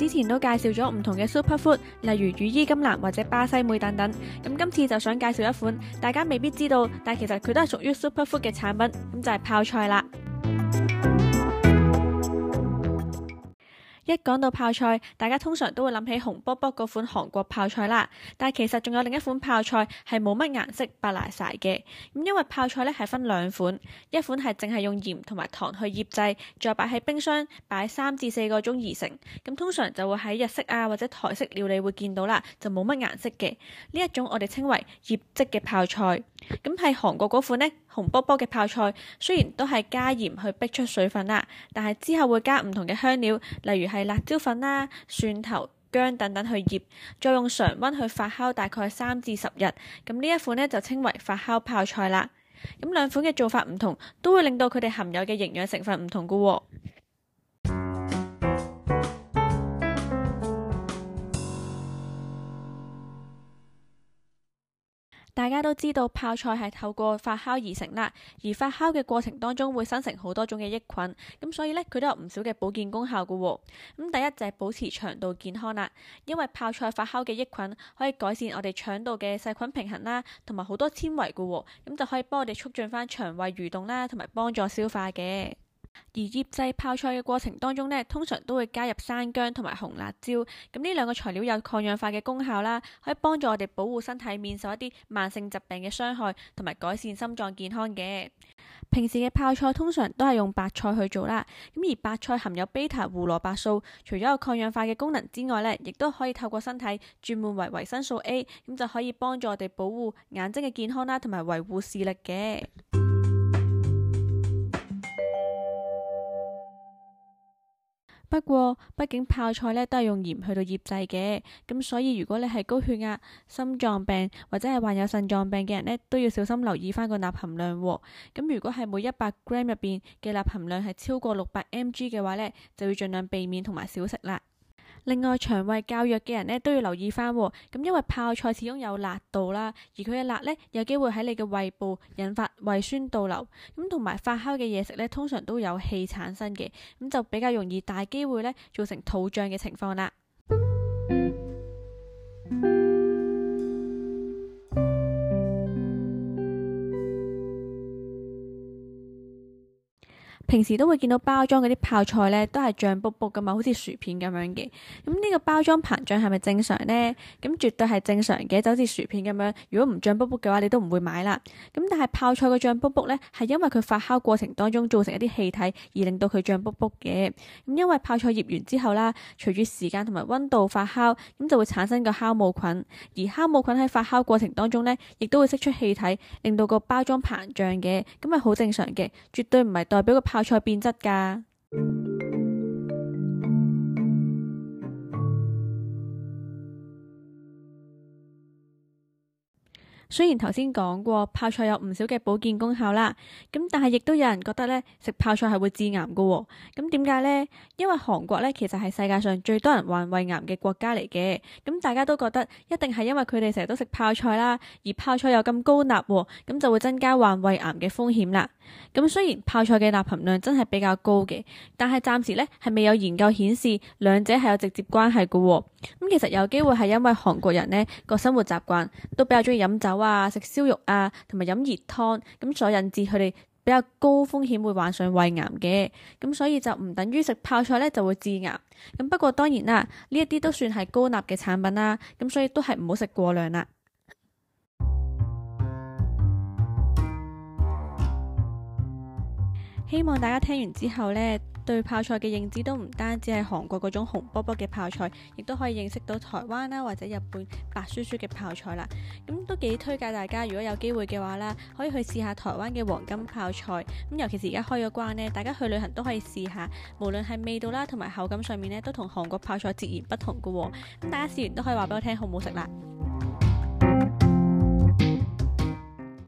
之前都介紹咗唔同嘅 superfood，例如羽衣甘藍或者巴西莓等等。咁今次就想介紹一款大家未必知道，但其實佢都係屬於 superfood 嘅產品，咁就係泡菜啦。一講到泡菜，大家通常都會諗起紅卜卜嗰款韓國泡菜啦。但係其實仲有另一款泡菜係冇乜顏色白拿晒嘅。咁，因為泡菜呢係分兩款，一款係淨係用鹽同埋糖去醃製，再擺喺冰箱擺三至四個鐘而成。咁通常就會喺日式啊，或者台式料理會見到啦，就冇乜顏色嘅呢一種，我哋稱為醃製嘅泡菜。咁係韓國嗰款呢。紅卜卜嘅泡菜雖然都係加鹽去逼出水分啦，但係之後會加唔同嘅香料，例如係辣椒粉啦、蒜頭、薑等等去醃，再用常溫去發酵大概三至十日，咁呢一款呢就稱為發酵泡菜啦。咁兩款嘅做法唔同，都會令到佢哋含有嘅營養成分唔同㗎。大家都知道泡菜係透過發酵而成啦，而發酵嘅過程當中會生成好多種嘅益菌，咁所以呢，佢都有唔少嘅保健功效嘅。咁第一就係保持腸道健康啦，因為泡菜發酵嘅益菌可以改善我哋腸道嘅細菌平衡啦，同埋好多纖維嘅，咁就可以幫我哋促進翻腸胃蠕動啦，同埋幫助消化嘅。而醃製泡菜嘅過程當中呢，通常都會加入生姜同埋紅辣椒，咁呢兩個材料有抗氧化嘅功效啦，可以幫助我哋保護身體免受一啲慢性疾病嘅傷害，同埋改善心臟健康嘅。平時嘅泡菜通常都係用白菜去做啦，咁而白菜含有貝塔胡蘿蔔素，除咗有抗氧化嘅功能之外呢，亦都可以透過身體轉換為維生素 A，咁就可以幫助我哋保護眼睛嘅健康啦，同埋維護視力嘅。不過，畢竟泡菜都係用鹽去到醃製嘅，咁所以如果你係高血壓、心臟病或者係患有腎臟病嘅人咧，都要小心留意翻個鈉含量。咁如果係每一百 gram 入邊嘅鈉含量係超過六百 mg 嘅話咧，就要儘量避免同埋少食啦。另外，腸胃較弱嘅人咧，都要留意返咁，因為泡菜始終有辣度啦，而佢嘅辣咧有機會喺你嘅胃部引發胃酸倒流，咁同埋發酵嘅嘢食咧通常都有氣產生嘅，咁就比較容易大機會咧造成肚脹嘅情況啦。平時都會見到包裝嗰啲泡菜呢，都係漲卜卜噶嘛，好似薯片咁樣嘅。咁呢個包裝膨脹係咪正常呢？咁絕對係正常嘅，就好似薯片咁樣。如果唔漲卜卜嘅話，你都唔會買啦。咁但係泡菜個漲卜卜呢，係因為佢發酵過程當中造成一啲氣體，而令到佢漲卜卜嘅。咁因為泡菜醃完之後啦，隨住時間同埋溫度發酵，咁就會產生個酵母菌。而酵母菌喺發酵過程當中呢，亦都會釋出氣體，令到個包裝膨脹嘅。咁係好正常嘅，絕對唔係代表個泡有菜變質㗎。 雖然頭先講過泡菜有唔少嘅保健功效啦，咁但係亦都有人覺得呢，食泡菜係會致癌㗎喎，咁點解呢？因為韓國呢，其實係世界上最多人患胃癌嘅國家嚟嘅，咁大家都覺得一定係因為佢哋成日都食泡菜啦，而泡菜有咁高鈉，咁、嗯、就會增加患胃癌嘅風險啦。咁、嗯、雖然泡菜嘅鈉含量真係比較高嘅，但係暫時呢，係未有研究顯示兩者係有直接關係嘅喎。咁、嗯、其實有機會係因為韓國人呢個生活習慣都比較中意飲酒。話食燒肉啊，同埋飲熱湯咁，所引致佢哋比較高風險會患上胃癌嘅，咁，所以就唔等於食泡菜呢就會致癌咁。不過當然啦，呢一啲都算係高鈉嘅產品啦，咁所以都係唔好食過量啦。希望大家聽完之後呢。對泡菜嘅認知都唔單止係韓國嗰種紅卜卜嘅泡菜，亦都可以認識到台灣啦、啊、或者日本白雪雪嘅泡菜啦。咁、嗯、都幾推介大家，如果有機會嘅話啦，可以去試下台灣嘅黃金泡菜。咁、嗯、尤其是而家開咗關呢，大家去旅行都可以試下。無論係味道啦同埋口感上面呢，都同韓國泡菜截然不同嘅喎、啊。咁、嗯、大家試完都可以話俾我聽好唔好食啦。